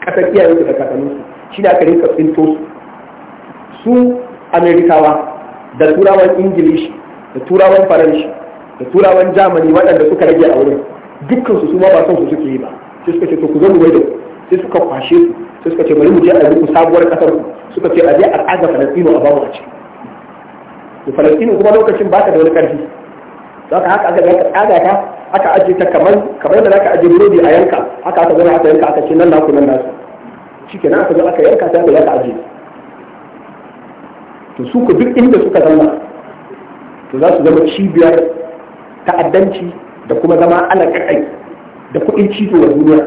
ƙasar iyayensu da kakanninsu shi da aka rinka tsinto su su amerikawa da turawan ingilishi da turawan faranshi da turawan jamani waɗanda suka rage a wurin dukkan su ma ba son su suke yi ba sai suka ce to ku zo mu da sai suka kwashe su sai suka ce bari mu je a rubu sabuwar kasar ku suka ce a je a tsaga falastino a bawa a ciki to falastino kuma lokacin ba ta da wani karfi za ka haka aka ga tsaga ta aka ajiye ta kamar kamar da zaka ajiye burodi a yanka haka aka zo aka yanka aka ce nan na ku, nan su shikenan aka zo aka yanka ta da aka ajiye. to su ku duk inda suka zama, to za su zama cibiyar ta'addanci da kuma zama ana kakai da kuɗin cizo wa duniya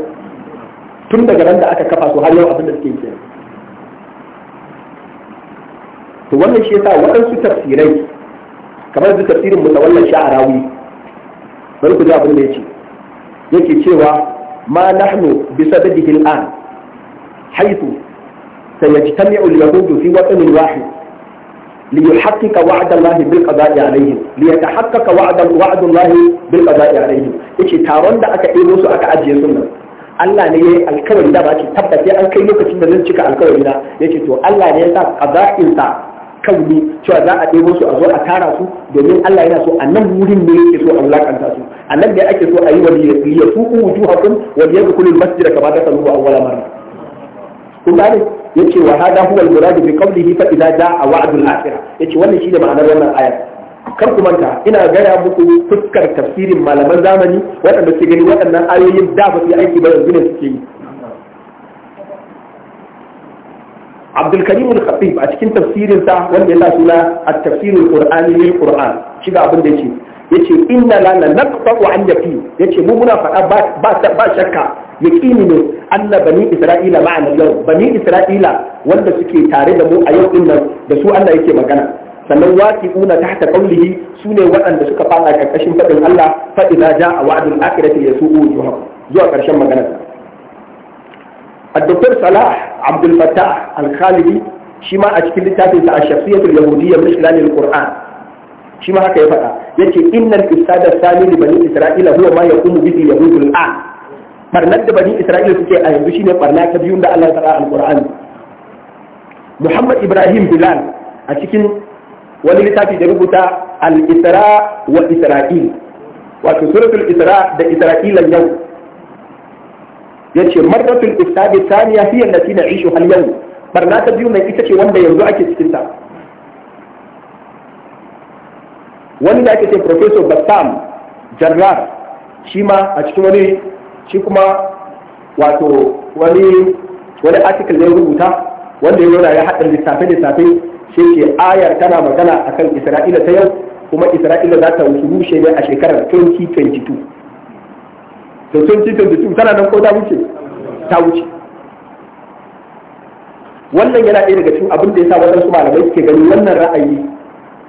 tun daga nan da aka kafa su har yau abin da suke yi to wannan shi yasa waɗansu tafsirai kamar da tafsirin mutawallan sha'arawi bari ku ji abin da yake yake cewa ma nahnu bi sadadihi al'an haythu sayajtami'u al-yahud fi watanin wahid ليحقق وعد الله بالقضاء عليهم ليتحقق وعد وعد الله بالقضاء عليهم yace taron da aka ɗebo su aka ajiye su Allah ne yayi alkawari da ba ki tabbace an kai lokacin da zan cika alkawari na yace to Allah ne ya sa qada'in sa kauni cewa za a ɗebo su a zo a tara su domin Allah yana so a nan wurin ne yake so a wulakanta su a nan ne ake so a yi wani ya suku wujuhakum wal yadkhulul masjida kama dasaluhu awwala marra kun gane yace wa hada huwa al-murad bi qawlihi fa a jaa wa'd akhirah yace wannan shine ma'anar wannan ayar kar ku manta ina gaya muku fuskar tafsirin malaman zamani waɗanda suke gani waɗannan ayoyin da ba su yi aiki ba yanzu ne suke yi Abdulkarim al-Khatib a cikin tafsirin sa wanda ya sa suna at-tafsirul Qur'ani lil Qur'an shiga abin da yake yace inna la naqta'u an yafi yace mu muna faɗa ba ba shakka yaqini ne anna bani isra'ila ma'ana yau bani isra'ila wanda suke tare da mu a yau din nan da su Allah yake magana sannan waqi'una tahta qawlihi sune waɗanda suka fada karkashin faɗin Allah fa idza ja'a wa'dul akhirati yasu'u wujuhum zuwa karshen maganar الدكتور صلاح عبد الفتاح الخالدي شما أشكل تاتي الشخصية اليهودية مش لان القرآن shi ma haka ya faɗa ce innan ifsada sami li bani isra'ila huwa ma yaqumu bihi yahudul an barnar da bani isra'ila suke a yanzu shine barna ta biyun da Allah ya al alqur'ani Muhammad Ibrahim Bilal a cikin wani littafi da rubuta al-Isra wa Isra'il wato suratul Isra da Isra'ila yau yace marratul ifsadi thaniya hiya allati na'ishu al yau barna ta biyu mai ita ce wanda yanzu ake cikin ta wani da ake ce professor Bassam Jarrar shi ma a cikin wani shi kuma wato wani wani article da ya rubuta wanda ya zauna ya haɗa lissafe-lissafe shi ke ayar tana magana akan Isra'ila ta yau kuma Isra'ila za ta wuce rushe ne a shekarar 2022 to 2022 tana nan ko ta wuce ta wuce wannan yana ɗaya daga cikin abin da ya sa waɗansu malamai suke gani wannan ra'ayi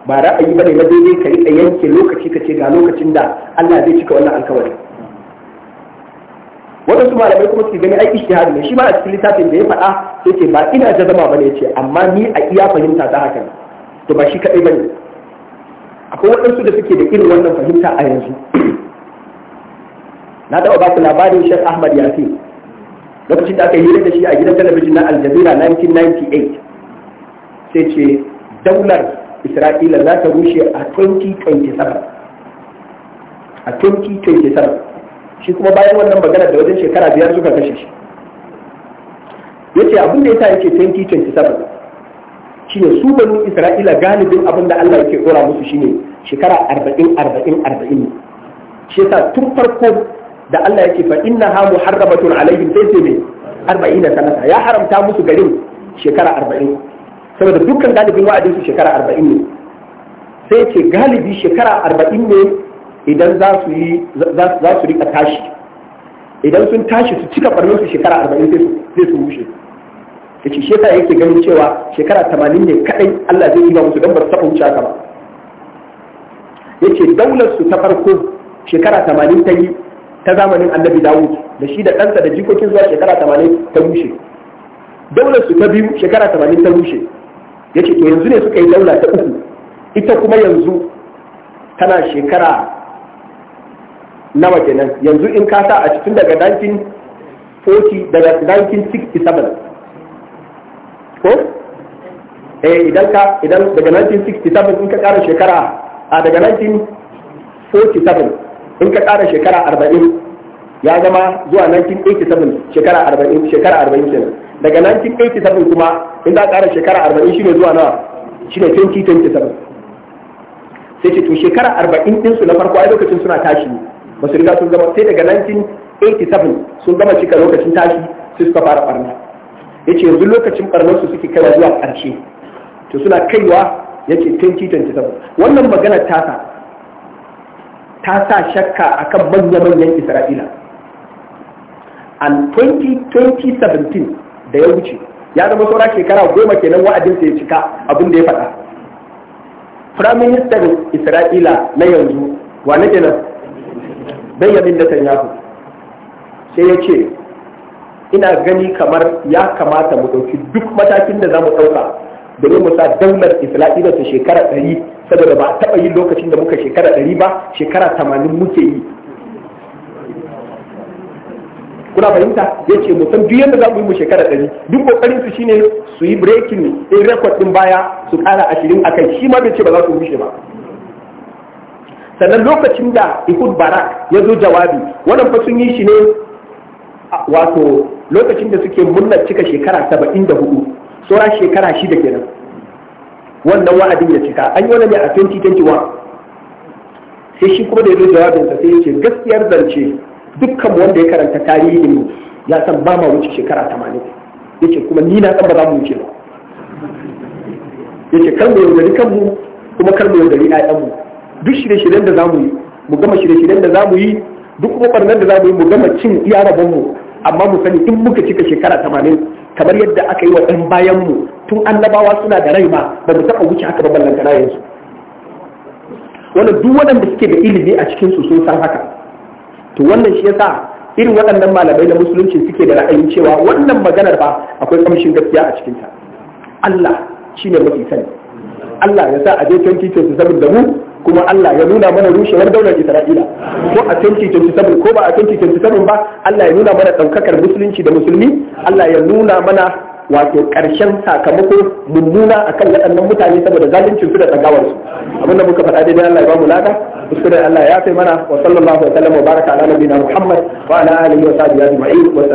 ba ra'ayi bane na daidai ka riƙa yanke lokaci ka ce ga lokacin da Allah zai cika wannan alkawari waɗansu malamai kuma suke gani ai ishtihadi ne shi ma a cikin littafin da ya faɗa sai ce ba ina jazama bane ce amma ni a iya fahimta ta haka ne, to ba shi kaɗai bane akwai waɗansu da suke da irin wannan fahimta a yanzu na taɓa ba ku labarin shan Ahmad Yafi lokacin da aka yi da shi a gidan talabijin na Aljazeera 1998 sai ce daular isra'ila za ta rushe a 2027 a 2027 shi kuma bayan wannan magana da wajen shekara biyar suka kashe shi ya ce abin da ya sa ya 2027 shi ne su banu isra'ila galibin abin da allah yake dora musu shine shekara 40-40-40 shi yasa tun farko da allah yake fa inna ha muharramatun alaihim sai sai mai 40 sanata ya haramta musu garin shekara arba'in. saboda dukkan ɗalibin wa'adin su shekara arba'in ne sai ce galibi shekara arba'in ne idan za su rika tashi idan sun tashi su cika barnin su shekara arba'in sai su rushe da ce shekara yake ganin cewa shekara tamanin ne kadai Allah zai yi ba musu don ba su taɓa wuce ba ya ce daular su ta farko shekara tamanin ta yi ta zamanin annabi dawud da shi da ɗansa da jikokin zuwa shekara tamanin ta rushe daular su ta biyu shekara tamanin ta rushe ce to yanzu ne suka yi daula ta uku ita kuma yanzu tana shekara nawa kenan yanzu in ka sa a cikin daga 1940 daga 1967 ko eh idan ka idan daga 1967 in ka ƙara shekara a daga 1947 in ka ƙara shekara 40 ya zama zuwa 1987 shekara 40 shekara 40 kenan daga 1987 kuma in za a ƙara shekara 40 shine zuwa nawa shine 2027 sai ce to shekara 40 ɗinsu na farko ai lokacin suna tashi ne ba su riga sun gama sai daga 1987 sun gama cika lokacin tashi sai suka fara barna yace yanzu lokacin barnar su suke kaiwa zuwa ƙarshe to suna kaiwa yace 2027 wannan magana tasa ta sa shakka akan manya-manyan Isra'ila. A 2017 da ya wuce ya zama saura shekara goma kenan wa'adin ya cika abin da ya faɗa firaministan isra'ila na yanzu wa na kenan benjamin netanyahu sai ya ce ina gani kamar ya kamata mu ɗauki duk matakin da za mu ɗauka domin mu sa daular isra'ila ta shekara ɗari saboda ba a taɓa yin lokacin da muka shekara ɗari ba shekara tamanin muke yi kuna fahimta ya ce mu san duk yadda za mu yi mu shekara ɗari duk kokarin su shine su yi breaking in record din baya su kara ashirin a kai shi ma bai ce ba za su rushe ba sannan lokacin da Ikud Barak ya zo jawabi wannan fa sun yi shi ne wato lokacin da suke murnar cika shekara saba'in da hudu saura shekara shida kenan wannan wa'adin ya cika an yi wani ne a 2021 sai shi kuma da ya zo jawabinsa sai ya ce gaskiyar zance dukkan wanda ya karanta tarihi mu ya san ba ma wuce shekara tamanin ce kuma ni na san ba za mu wuce ba ce kar mu yaudari kanmu kuma kar mu yaudari ayyanmu duk shirye-shiryen da za mu yi mu gama shirye-shiryen da za mu yi duk kuma da za mu yi mu gama cin iya rabonmu amma mu sani in muka cika shekara tamanin kamar yadda aka yi wa ɗan mu tun annabawa suna da rai ma ba mu taɓa wuce haka ba ballantana yanzu wannan duk waɗanda suke da ilimi a cikin su sun san haka to wannan shi yasa irin waɗannan malamai na musulunci suke da ra'ayin cewa wannan maganar ba akwai kamshin gaskiya a cikinta Allah shine mafi sani Allah ya sa a je 2027 da mu kuma Allah ya nuna mana rushewar daular Isra'ila ko a 2027 ko ba a 2027 ba Allah ya nuna mana ɗaukakar musulunci da musulmi Allah ya nuna mana wato ƙarshen sakamako mummuna akan waɗannan mutane saboda zaluncin su da tsagawarsu abinda muka faɗa daidai Allah ya ba mu lada الله يعطي منا وصلى الله وسلم وبارك على نبينا محمد وعلى اله وصحبه اجمعين